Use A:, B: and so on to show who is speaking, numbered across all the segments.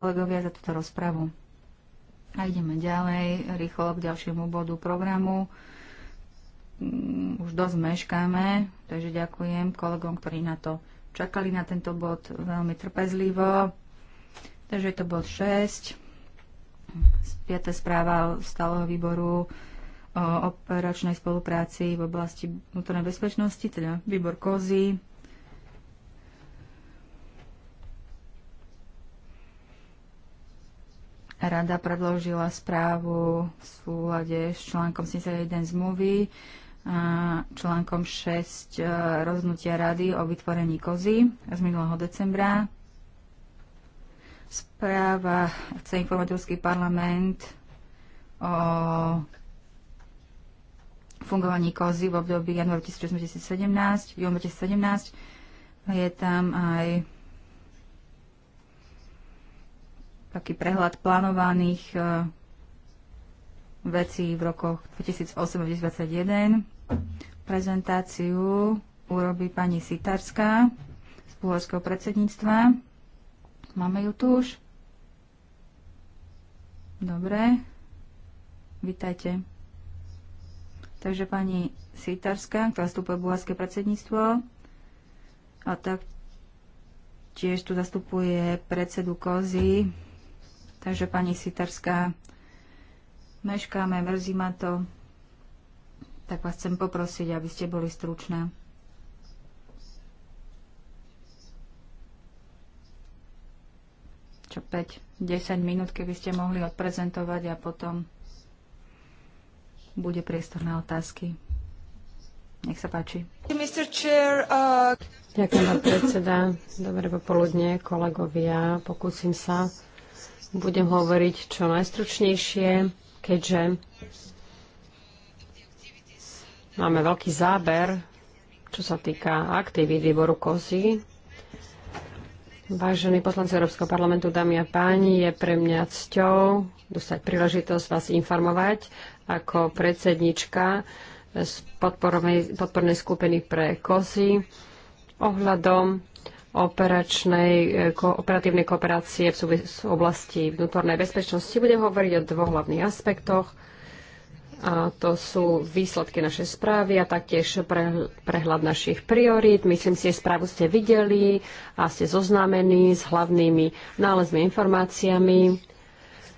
A: kolegovia za túto rozpravu. A ideme ďalej, rýchlo k ďalšiemu bodu programu. Mm, už dosť meškáme, takže ďakujem kolegom, ktorí na to čakali na tento bod veľmi trpezlivo. Takže je to bod 6, 5. správa stáleho výboru o operačnej spolupráci v oblasti vnútornej bezpečnosti, teda výbor KOZY. Rada predložila správu v súlade s článkom 71 zmluvy a článkom 6 e, rozhodnutia Rady o vytvorení kozy z minulého decembra. Správa chce informovať parlament o fungovaní kozy v období január 2017, júna 2017. Je tam aj taký prehľad plánovaných e, vecí v rokoch 2008-2021. Prezentáciu urobí pani Sitarská z Púhorského predsedníctva. Máme ju tu už. Dobre. Vítajte. Takže pani Sitarská, ktorá vstupuje Bulharské predsedníctvo, a tak tiež tu zastupuje predsedu Kozy, Takže pani Sitarská, meškáme, mrzí ma to, tak vás chcem poprosiť, aby ste boli stručná. Čo 5, 10 minút, keby ste mohli odprezentovať a potom bude priestor na otázky. Nech sa páči.
B: Uh, Ďakujem, pán predseda. Dobré popoludne, kolegovia. Pokúsim sa budem hovoriť čo najstručnejšie, keďže máme veľký záber, čo sa týka aktivít výboru kozy. Vážení poslanci Európskeho parlamentu, dámy a páni, je pre mňa cťou dostať príležitosť vás informovať ako predsednička z podpornej skupiny pre KOSI ohľadom operačnej, e, ko, operatívnej kooperácie v oblasti vnútornej bezpečnosti. Budem hovoriť o dvoch hlavných aspektoch. A to sú výsledky našej správy a taktiež pre, prehľad našich priorít. Myslím si, že správu ste videli a ste zoznámení s hlavnými nálezmi informáciami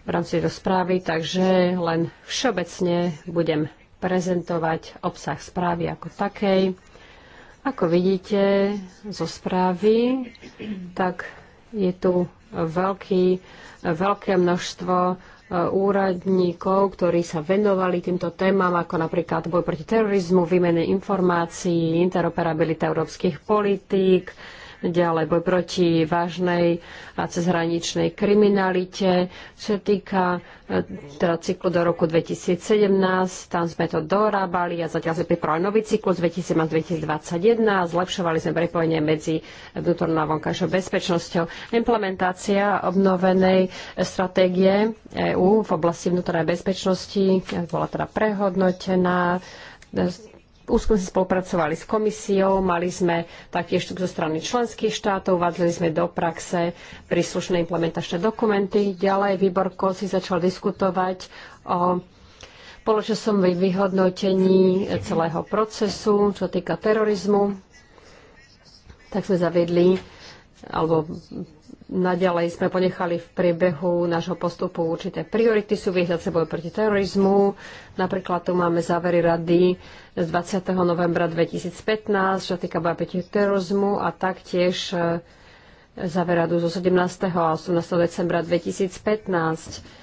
B: v rámci tejto správy, takže len všeobecne budem prezentovať obsah správy ako takej ako vidíte zo správy, tak je tu veľký, veľké množstvo e, úradníkov, ktorí sa venovali týmto témam, ako napríklad boj proti terorizmu, výmene informácií, interoperabilita európskych politík, ďalej boj proti vážnej a cezhraničnej kriminalite. Čo sa týka e, teda cyklu do roku 2017, tam sme to dorábali a zatiaľ sme pripravili nový cyklus 2017-2021 a zlepšovali sme prepojenie medzi vnútornou a vonkajšou bezpečnosťou. Implementácia obnovenej stratégie EÚ v oblasti vnútornej bezpečnosti bola teda prehodnotená úzko sme spolupracovali s komisiou, mali sme taktiež zo strany členských štátov, vadzili sme do praxe príslušné implementačné dokumenty. Ďalej výbor si začal diskutovať o poločasom vyhodnotení celého procesu, čo týka terorizmu. Tak sme zaviedli alebo naďalej sme ponechali v priebehu nášho postupu určité priority súvisiace boj proti terorizmu. Napríklad tu máme závery rady z 20. novembra 2015, čo týka boja proti terorizmu a taktiež e, záver radu zo 17. a 18. decembra 2015.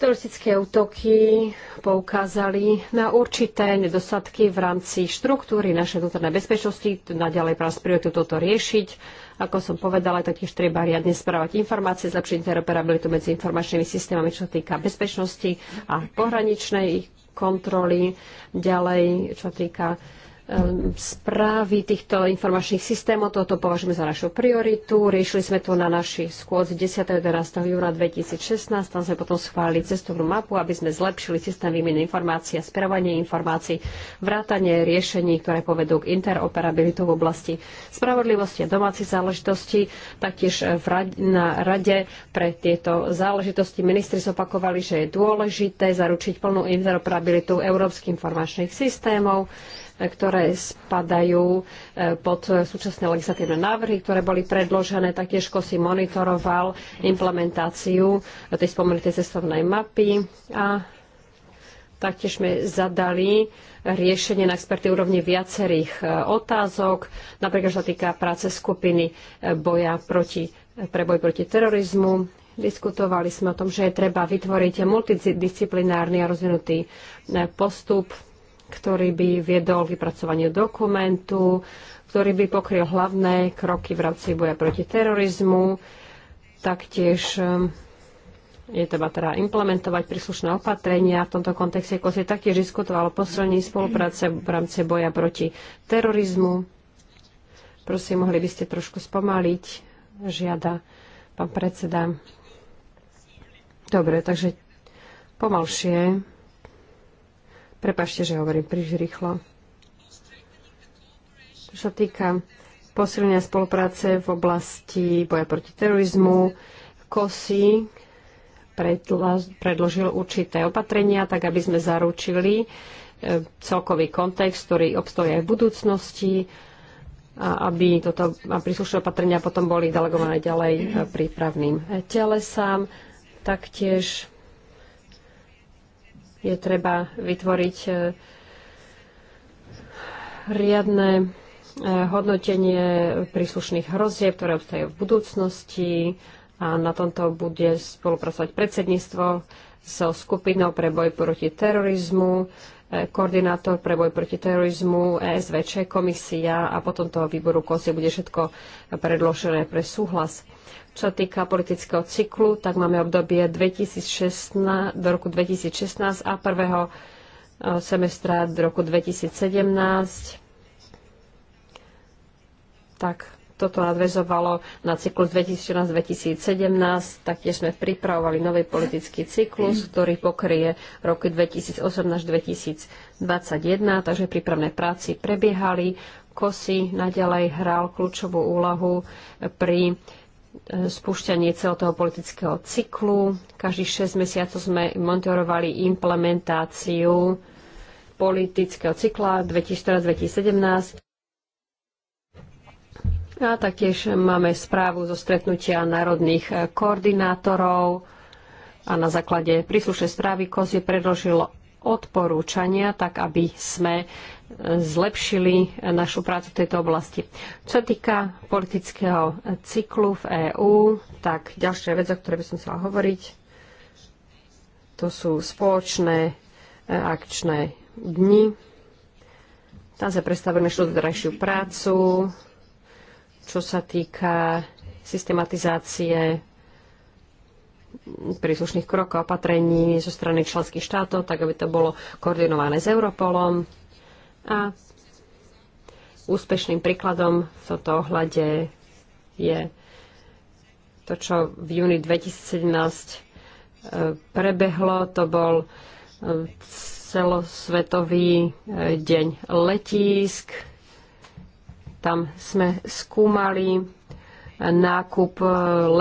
B: Teroristické útoky poukázali na určité nedostatky v rámci štruktúry našej vnútornej bezpečnosti. Naďalej práve prioritu toto riešiť. Ako som povedala, taktiež treba riadne správať informácie, zlepšiť interoperabilitu medzi informačnými systémami, čo sa týka bezpečnosti a pohraničnej kontroly. Ďalej, čo sa týka správy týchto informačných systémov. Toto považujeme za našu prioritu. Riešili sme to na našich schôdzi 10. 11. júna 2016. Tam sme potom schválili cestovnú mapu, aby sme zlepšili systém výmeny informácií a spravovanie informácií, vrátanie riešení, ktoré povedú k interoperabilitu v oblasti spravodlivosti a domácich záležitostí. Taktiež eh, na Rade pre tieto záležitosti ministri zopakovali, že je dôležité zaručiť plnú interoperabilitu európskych informačných systémov ktoré spadajú e, pod e, súčasné legislatívne návrhy, ktoré boli predložené. Taktiež si monitoroval implementáciu tej spomenutej cestovnej mapy a taktiež sme zadali riešenie na experty úrovni viacerých e, otázok, napríklad, čo sa týka práce skupiny boja proti, pre boj proti terorizmu, diskutovali sme o tom, že je treba vytvoriť multidisciplinárny a rozvinutý postup ktorý by viedol vypracovanie dokumentu, ktorý by pokryl hlavné kroky v rámci boja proti terorizmu. Taktiež ehm, je treba teda implementovať príslušné opatrenia. V tomto kontexte ako si taktiež diskutovalo posilnení spolupráce v rámci boja proti terorizmu. Prosím, mohli by ste trošku spomaliť, žiada pán predseda. Dobre, takže pomalšie. Prepašte, že hovorím príliš rýchlo. Čo sa týka posilnenia spolupráce v oblasti boja proti terorizmu, KOSI predložil určité opatrenia, tak aby sme zaručili e, celkový kontext, ktorý obstojí aj v budúcnosti a aby toto, a príslušné opatrenia potom boli delegované ďalej e, prípravným telesám. Taktiež je treba vytvoriť e, riadne e, hodnotenie príslušných hrozieb, ktoré obstajú v budúcnosti a na tomto bude spolupracovať predsedníctvo so skupinou pre boj proti terorizmu, e, koordinátor pre boj proti terorizmu, ESVČ, komisia a potom toho výboru KOSI bude všetko predložené pre súhlas. Čo týka politického cyklu, tak máme obdobie 2016, do roku 2016 a prvého e, semestra do roku 2017. Tak toto nadvezovalo na cyklus 2014-2017. Taktiež sme pripravovali nový politický cyklus, ktorý pokrie roky 2018 2021, takže prípravné práci prebiehali. Kosi naďalej hral kľúčovú úlohu pri E, spúšťanie celého toho politického cyklu. Každých 6 mesiacov sme monitorovali implementáciu politického cykla 2014-2017. A taktiež máme správu zo stretnutia národných koordinátorov a na základe príslušnej správy KOS je predložilo odporúčania, tak aby sme zlepšili našu prácu v tejto oblasti. Čo sa týka politického cyklu v EÚ, tak ďalšia vec, o ktorej by som chcela hovoriť, to sú spoločné e, akčné dni. Tam sa predstavíme študiterajšiu prácu, čo sa týka systematizácie príslušných krokov a opatrení zo strany členských štátov, tak aby to bolo koordinované s Europolom a úspešným príkladom v tomto ohľade je to, čo v júni 2017 e, prebehlo. To bol e, celosvetový e, deň letísk. Tam sme skúmali nákup e,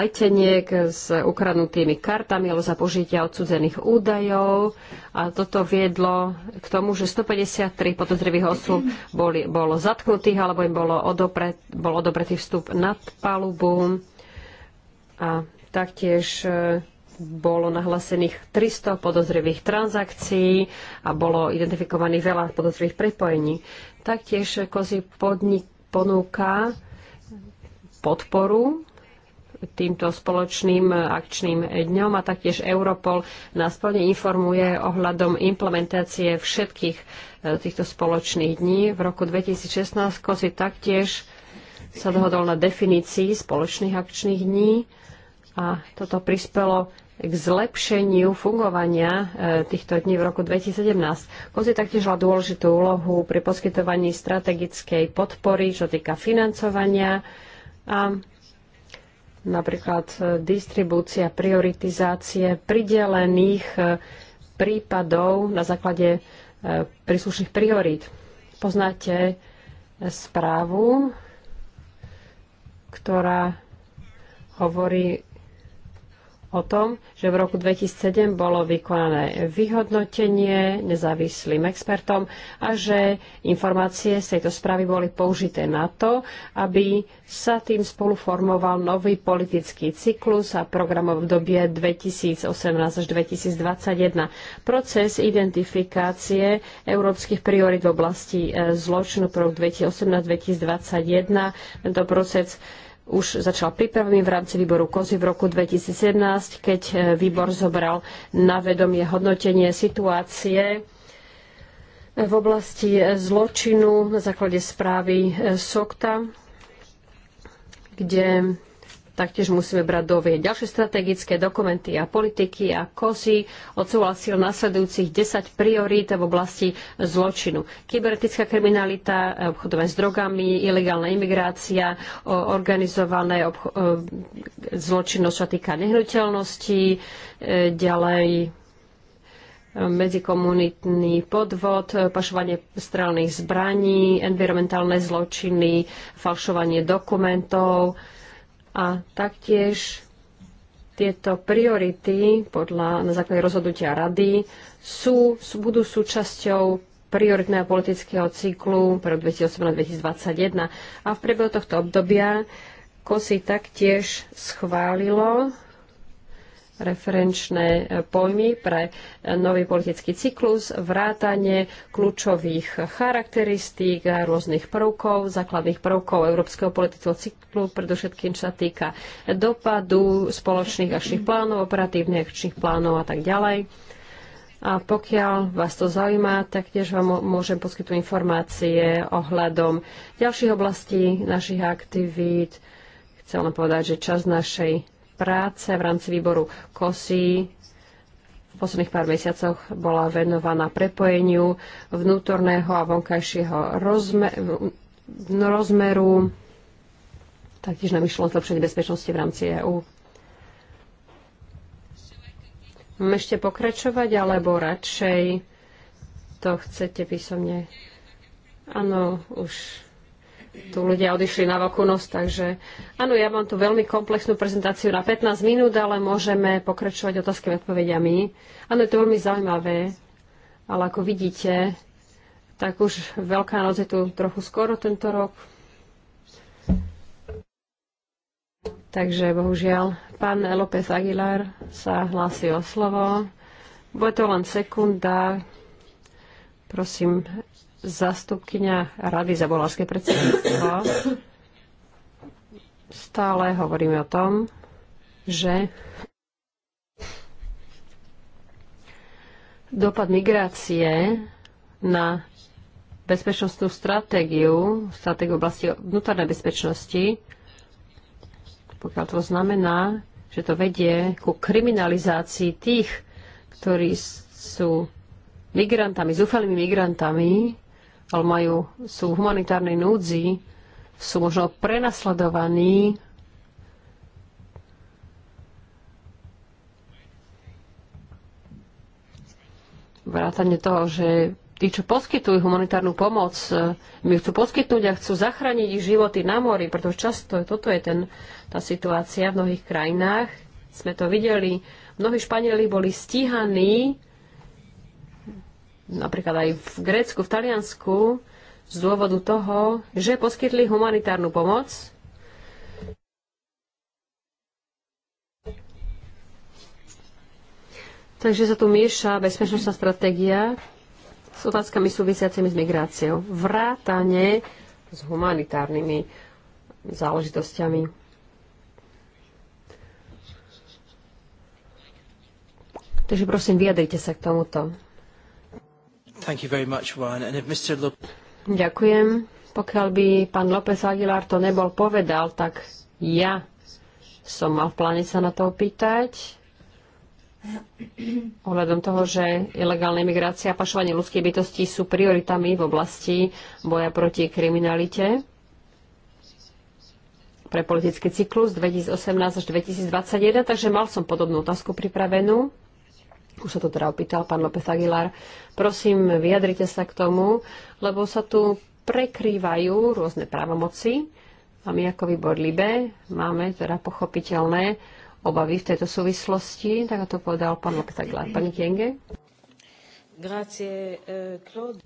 B: leteniek s ukradnutými kartami alebo za požitia odsudzených údajov. A toto viedlo k tomu, že 153 podozrivých osôb boli, bolo zatknutých alebo im bolo odopret, bol odopretý vstup nad palubu. A taktiež e, bolo nahlásených 300 podozrivých transakcií a bolo identifikovaných veľa podozrivých prepojení. Taktiež Kozy podnik ponúka podporu týmto spoločným akčným dňom a taktiež Europol nás plne informuje ohľadom implementácie všetkých e, týchto spoločných dní. V roku 2016 si taktiež sa dohodol na definícii spoločných akčných dní a toto prispelo k zlepšeniu fungovania e, týchto dní v roku 2017. Kozy taktiež hľa dôležitú úlohu pri poskytovaní strategickej podpory, čo týka financovania, a napríklad e, distribúcia, prioritizácie pridelených e, prípadov na základe e, príslušných priorít. Poznáte správu, ktorá hovorí o tom, že v roku 2007 bolo vykonané vyhodnotenie nezávislým expertom a že informácie z tejto správy boli použité na to, aby sa tým spolu formoval nový politický cyklus a programov v dobie 2018 až 2021. Proces identifikácie európskych priorit v oblasti e, zločinu pro 2018-2021, tento proces už začal prípravami v rámci výboru kozy v roku 2017, keď e, výbor zobral na vedomie hodnotenie situácie e, v oblasti e, zločinu na základe správy SOKTA, kde Taktiež musíme brať do vie ďalšie strategické dokumenty a politiky a kozy odsúhlasil nasledujúcich 10 priorít v oblasti zločinu. Kybernetická kriminalita, obchodovanie s drogami, ilegálna imigrácia, organizované obcho- e, zločinnosť, čo týka nehnuteľností, e, ďalej e, medzikomunitný podvod, pašovanie strelných zbraní, environmentálne zločiny, falšovanie dokumentov, a taktiež tieto priority podľa, na základe rozhodnutia rady sú, sú, budú súčasťou prioritného politického cyklu pre 2018-2021. A v priebehu tohto obdobia KOSI taktiež schválilo referenčné e, pojmy pre e, nový politický cyklus, vrátanie kľúčových charakteristík a rôznych prvkov, základných prvkov európskeho politického cyklu, predovšetkým čo sa týka dopadu spoločných akčných plánov, operatívnych akčných plánov a tak ďalej. A pokiaľ vás to zaujíma, tak tiež vám môžem poskytnúť informácie ohľadom ďalších oblastí našich aktivít. Chcem len povedať, že čas našej práce v rámci výboru KOSI v posledných pár mesiacoch bola venovaná prepojeniu vnútorného a vonkajšieho rozme- rozmeru, taktiež nám išlo zlepšenie bezpečnosti v rámci EÚ. Môžeme ešte pokračovať, alebo radšej to chcete písomne? Áno, už tu ľudia odišli na Vakunos, takže áno, ja mám tu veľmi komplexnú prezentáciu na 15 minút, ale môžeme pokračovať otázkami odpovediami. Áno, je to veľmi zaujímavé, ale ako vidíte, tak už Veľká noc je tu trochu skoro tento rok. Takže bohužiaľ, pán López Aguilar sa hlási o slovo. Bude to len sekunda. Prosím, zastupkynia Rady za bolárske predsedníctvo. Stále hovoríme o tom, že dopad migrácie na bezpečnostnú stratégiu, stratégiu oblasti vnútornej bezpečnosti, pokiaľ to znamená, že to vedie ku kriminalizácii tých, ktorí sú migrantami, zúfalými migrantami, ale majú, sú v humanitárnej núdzi, sú možno prenasledovaní. Vrátane toho, že tí, čo poskytujú humanitárnu pomoc, my chcú poskytnúť a chcú zachrániť ich životy na mori, pretože často toto je ten, tá situácia v mnohých krajinách. Sme to videli. Mnohí Španieli boli stíhaní napríklad aj v Grécku, v Taliansku, z dôvodu toho, že poskytli humanitárnu pomoc. Takže sa tu mieša bezpečnostná stratégia s otázkami súvisiacimi s migráciou. Vrátane s humanitárnymi záležitosťami. Takže prosím, vyjadrite sa k tomuto. Ďakujem. Pokiaľ by pán López Aguilar to nebol povedal, tak ja som mal v pláne sa na to opýtať. Ohľadom toho, že ilegálna imigrácia a pašovanie ľudskej bytosti sú prioritami v oblasti boja proti kriminalite pre politický cyklus 2018 až 2021, takže mal som podobnú otázku pripravenú. Už sa to teda opýtal pán López Aguilar. Prosím, vyjadrite sa k tomu, lebo sa tu prekrývajú rôzne právomoci a my ako výbor LIBE máme teda pochopiteľné obavy v tejto súvislosti, tak to povedal pán López Aguilar. Pani Tienge?
C: Grazie, eh, Claude.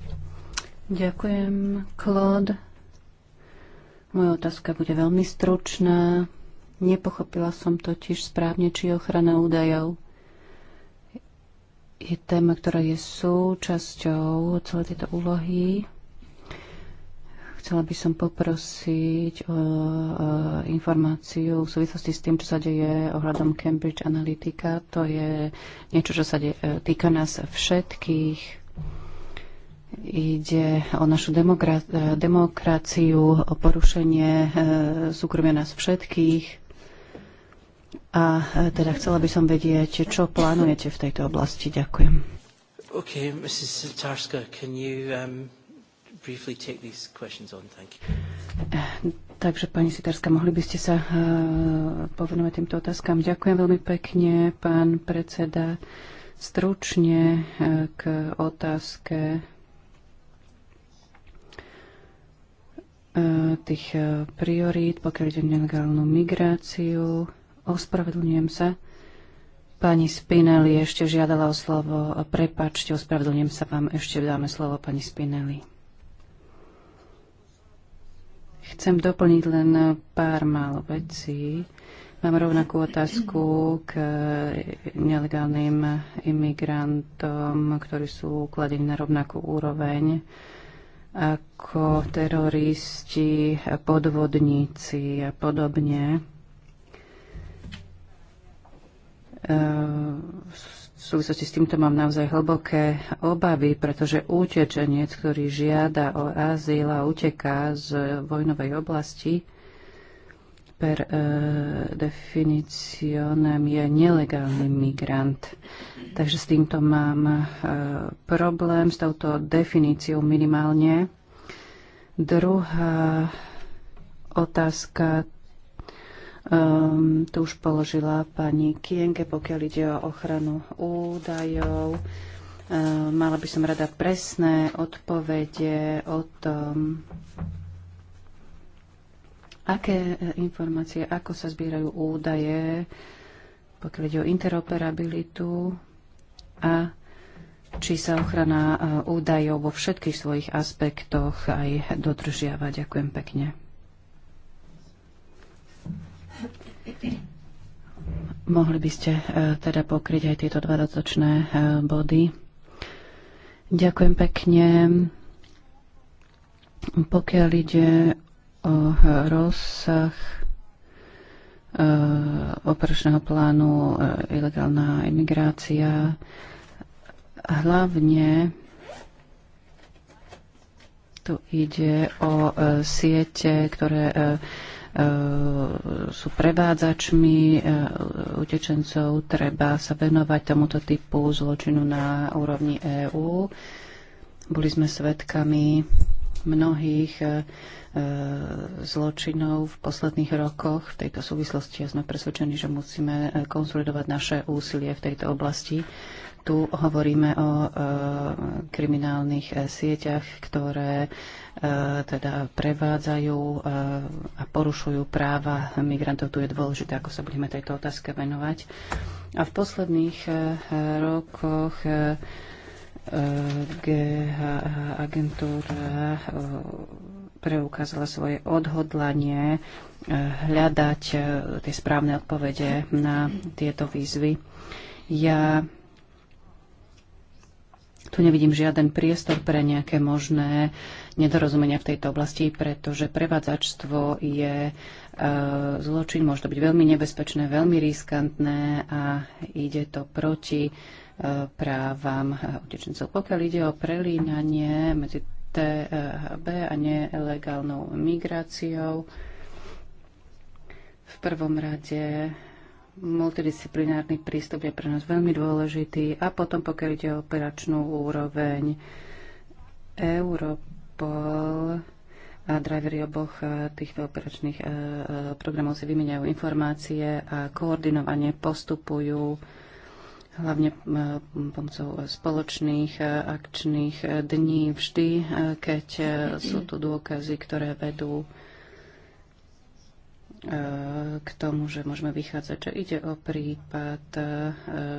C: Ďakujem, Claude. Moja otázka bude veľmi stručná. Nepochopila som totiž správne, či ochrana údajov je téma, ktorá je súčasťou celej tejto úlohy. Chcela by som poprosiť o informáciu v súvislosti s tým, čo sa deje ohľadom Cambridge Analytica. To je niečo, čo sa deje, týka nás všetkých. Ide o našu demokra- e, demokraciu, o porušenie e, súkromia nás všetkých a e, teda chcela by som vedieť, čo plánujete v tejto oblasti. Ďakujem.
A: Mrs. can you um, briefly take these questions on? Thank you.
C: E, takže, pani Sitarska, mohli by ste sa uh, povenovať týmto otázkam. Ďakujem veľmi pekne, pán predseda. Stručne uh, k otázke uh, tých uh, priorít, pokiaľ ide o nelegálnu migráciu. Ospravedlňujem sa. Pani Spinelli ešte žiadala o slovo. Prepačte, ospravedlňujem sa vám. Ešte dáme slovo pani Spinelli. Chcem doplniť len pár málo vecí. Mám rovnakú otázku k nelegálnym imigrantom, ktorí sú ukladení na rovnakú úroveň ako teroristi, podvodníci a podobne. V súvislosti s týmto mám naozaj hlboké obavy, pretože utečenec, ktorý žiada o azyl a uteká z vojnovej oblasti, per e, eh, definicionem je nelegálny migrant. Takže s týmto mám e, problém, s touto definíciou minimálne. Druhá otázka Um, ehm, tu už položila pani Kienke, pokiaľ ide o ochranu údajov. Um, mala by som rada presné odpovede o tom, aké e, informácie, ako sa zbierajú údaje, pokiaľ ide o interoperabilitu a či sa ochrana e, údajov vo všetkých svojich aspektoch aj dodržiava. Ďakujem pekne. Mohli by ste e, teda pokryť aj tieto dva dodatočné e, body. Ďakujem pekne. Pokiaľ ide o e, rozsah operačného plánu ilegálna imigrácia, hlavne tu ide o siete, ktoré E, sú prevádzačmi e, utečencov. Treba sa venovať tomuto typu zločinu na úrovni EÚ. Boli sme svedkami mnohých e, e, zločinov v posledných rokoch. V tejto súvislosti sme presvedčení, že musíme e, konsolidovať naše úsilie v tejto oblasti. Tu hovoríme o kriminálnych sieťach, ktoré teda prevádzajú a porušujú práva migrantov. Tu je dôležité, ako sa budeme tejto otázke venovať. A v posledných rokoch GH agentúra eh, preukázala svoje odhodlanie eh, hľadať eh, tie správne odpovede na tieto výzvy. Ja tu nevidím žiaden priestor pre nejaké možné nedorozumenia v tejto oblasti, pretože prevádzačstvo je zločin, môže to byť veľmi nebezpečné, veľmi riskantné a ide to proti právam utečencov. Pokiaľ ide o prelínanie medzi THB a nelegálnou migráciou, v prvom rade multidisciplinárny prístup je pre nás veľmi dôležitý a potom pokiaľ ide o operačnú úroveň Europol a drivery oboch eh, týchto operačných eh, eh, programov si vymieňajú informácie a koordinovane postupujú hlavne e, pomocou spoločných e, akčných e, dní, vždy, keď sú tu dôkazy, ktoré vedú k tomu, že môžeme vychádzať, že ide o prípad,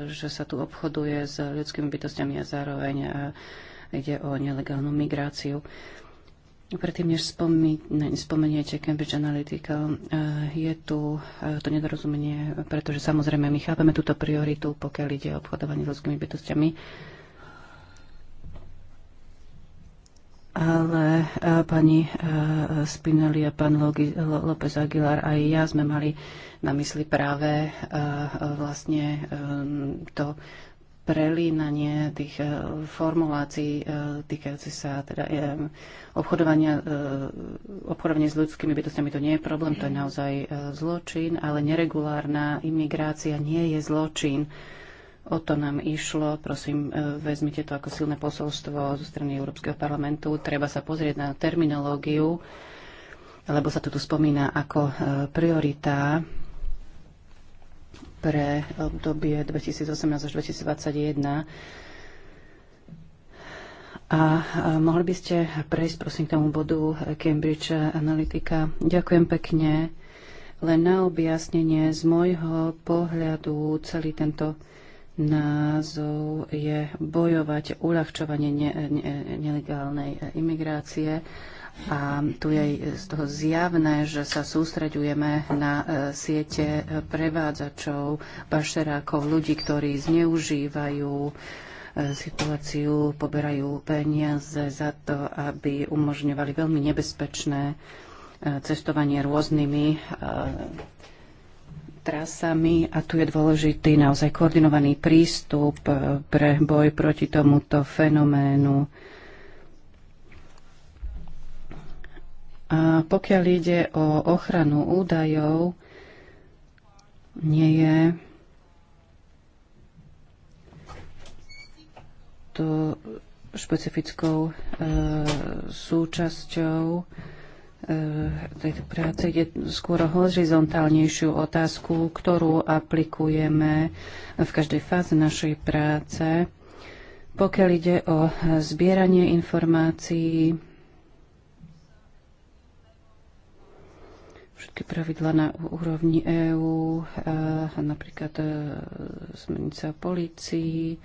C: že sa tu obchoduje s ľudskými bytostiami a zároveň ide o nelegálnu migráciu. Predtým, než spomeniete Cambridge Analytica, eh, je tu eh, to nedorozumenie, pretože samozrejme my chápeme túto prioritu, pokiaľ ide o obchodovanie s ľudskými bytostiami. Ale eh, pani Spinelli a pán López Aguilar aj ja sme mali na mysli práve vlastne to prelínanie tých e, formulácií e, týkajúci sa teda e, obchodovania, obchodovanie s ľudskými bytostiami to nie je problém, to je naozaj zločin, ale neregulárna imigrácia nie je zločin. O to nám išlo. Prosím, vezmite to ako silné posolstvo zo strany Európskeho parlamentu. Treba sa pozrieť na terminológiu, lebo sa to tu spomína ako priorita pre obdobie 2018 až 2021. A mohli by ste prejsť prosím k tomu bodu Cambridge Analytica. Ďakujem pekne. Len na objasnenie z môjho pohľadu celý tento názov je bojovať uľahčovanie ne, ne, nelegálnej imigrácie a tu je z toho zjavné, že sa sústreďujeme na e, siete prevádzačov, bašerákov, ľudí, ktorí zneužívajú e, situáciu, poberajú peniaze za to, aby umožňovali veľmi nebezpečné e, cestovanie rôznymi trasami a tu je dôležitý naozaj koordinovaný prístup pre boj proti tomuto fenoménu. A pokiaľ ide o ochranu údajov, nie je to špecifickou e, súčasťou e, tejto práce. Ide skôr o horizontálnejšiu otázku, ktorú aplikujeme v každej fáze našej práce. Pokiaľ ide o zbieranie informácií, všetky pravidla na úrovni EÚ, eh, napríklad zmenica eh, polícii.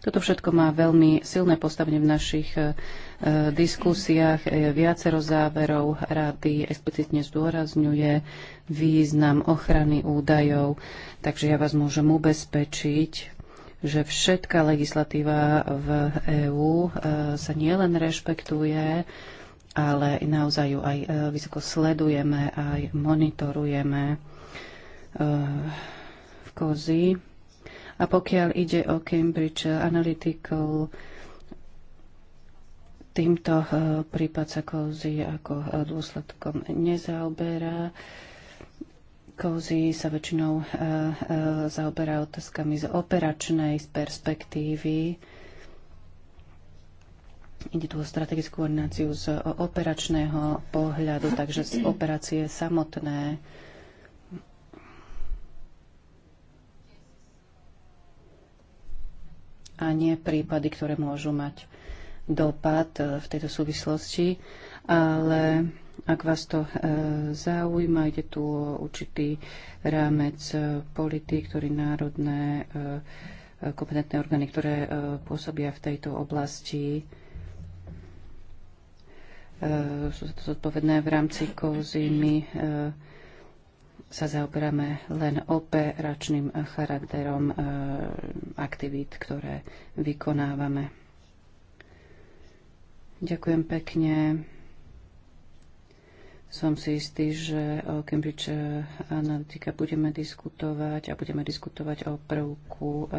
C: Toto všetko má veľmi silné postavenie v našich eh, diskusiách. Viacero záverov rady explicitne zdôrazňuje význam ochrany údajov, takže ja vás môžem ubezpečiť, že všetká legislatíva v EÚ sa nielen rešpektuje, ale naozaj ju aj e, vysoko sledujeme, aj monitorujeme e, v kozi. A pokiaľ ide o Cambridge Analytical, týmto e, prípad sa kozy ako dôsledkom nezaoberá. Kozy sa väčšinou zaoberá otázkami z operačnej perspektívy Ide tu o strategickú koordináciu z operačného pohľadu, takže z operácie samotné. A nie prípady, ktoré môžu mať dopad e, v tejto súvislosti, ale ak vás to e, zaujíma, ide tu o určitý rámec e, politik, ktorý národné kompetentné orgány, ktoré pôsobia v tejto oblasti, Eh, sú za to zodpovedné v rámci kouzy. My eh, sa zaoberáme len operačným charakterom eh, aktivít, ktoré vykonávame. Ďakujem pekne. Som si istý, že o Cambridge Analytica budeme diskutovať a budeme diskutovať o prvku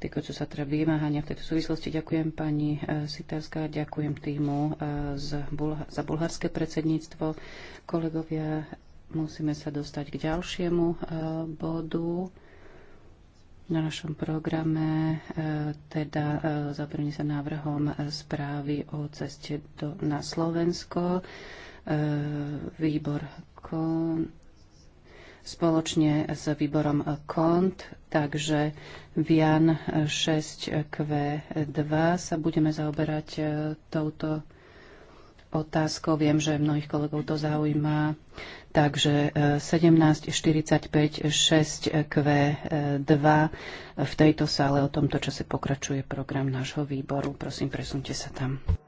C: týkajúce sa teda vymáhania v tejto súvislosti. Ďakujem pani e, Sitárska, ďakujem týmu e, za bulharské predsedníctvo. Kolegovia, musíme sa dostať k ďalšiemu e, bodu na našom programe, teda zaprvne sa návrhom správy o ceste do, na Slovensko. Výbor kon spoločne s výborom KONT, takže VIAN 6Q2 sa budeme zaoberať e, touto otázkou. Viem, že mnohých kolegov to zaujíma. Takže 17.45 e, 6Q2 v tejto sále o tomto čase pokračuje program nášho výboru. Prosím, presunte sa tam.